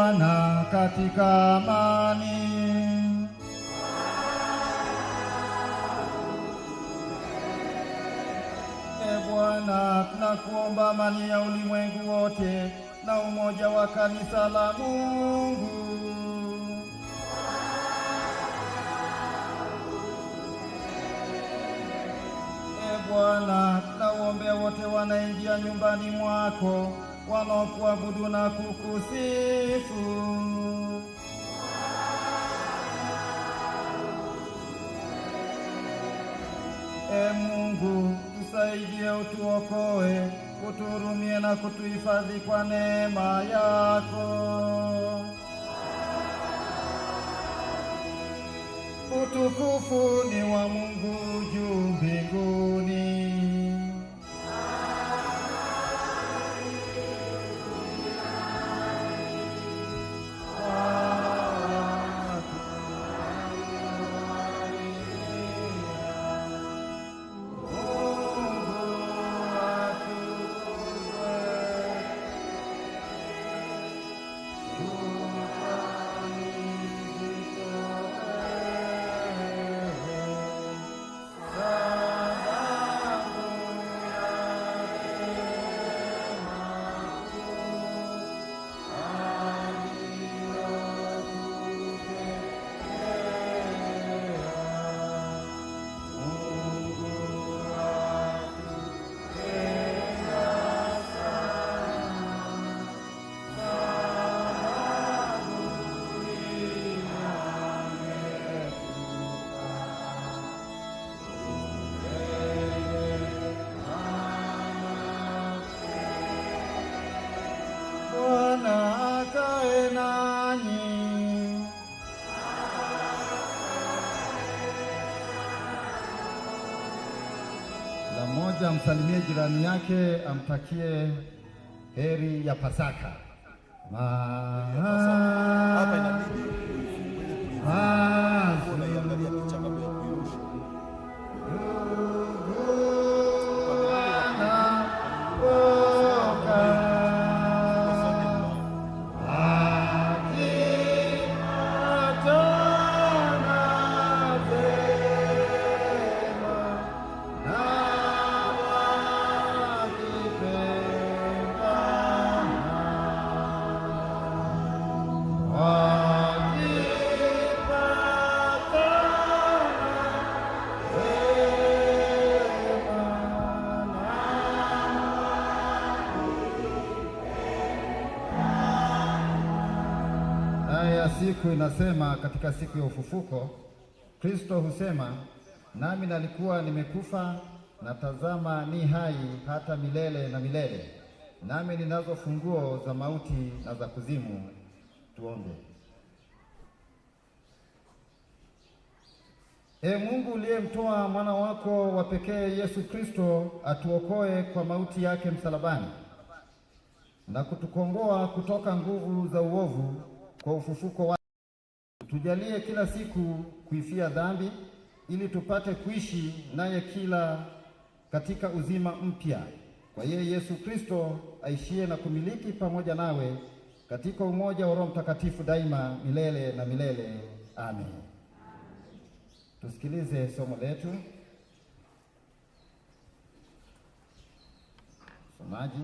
Bwana katika amani. E Bwana, tunakuomba amani ya ulimwengu wote na umoja wa kanisa la Mungu. E Bwana, tunaombea wote wanaingia nyumbani mwako wanaokuabudu na kukusifu. E Mungu, tusaidie, utuokoe, utuhurumie na kutuhifadhi kwa neema yako. Utukufu ni wa Mungu juu mbinguni. labda amsalimie jirani yake, amtakie heri ya Pasaka. Ma... Aya ya siku inasema, katika siku ya ufufuko Kristo husema, nami nalikuwa nimekufa na tazama, ni hai hata milele na milele, nami ninazo funguo za mauti na za kuzimu. Tuombe. Ee Mungu uliyemtoa mwana wako wa pekee Yesu Kristo atuokoe kwa mauti yake msalabani na kutukomboa kutoka nguvu za uovu kwa ufufuko wa Tujalie kila siku kuifia dhambi, ili tupate kuishi naye kila katika uzima mpya, kwa yeye Yesu Kristo aishie na kumiliki pamoja nawe katika umoja wa Roho Mtakatifu daima milele na milele. Amen. Tusikilize somo letu. somaji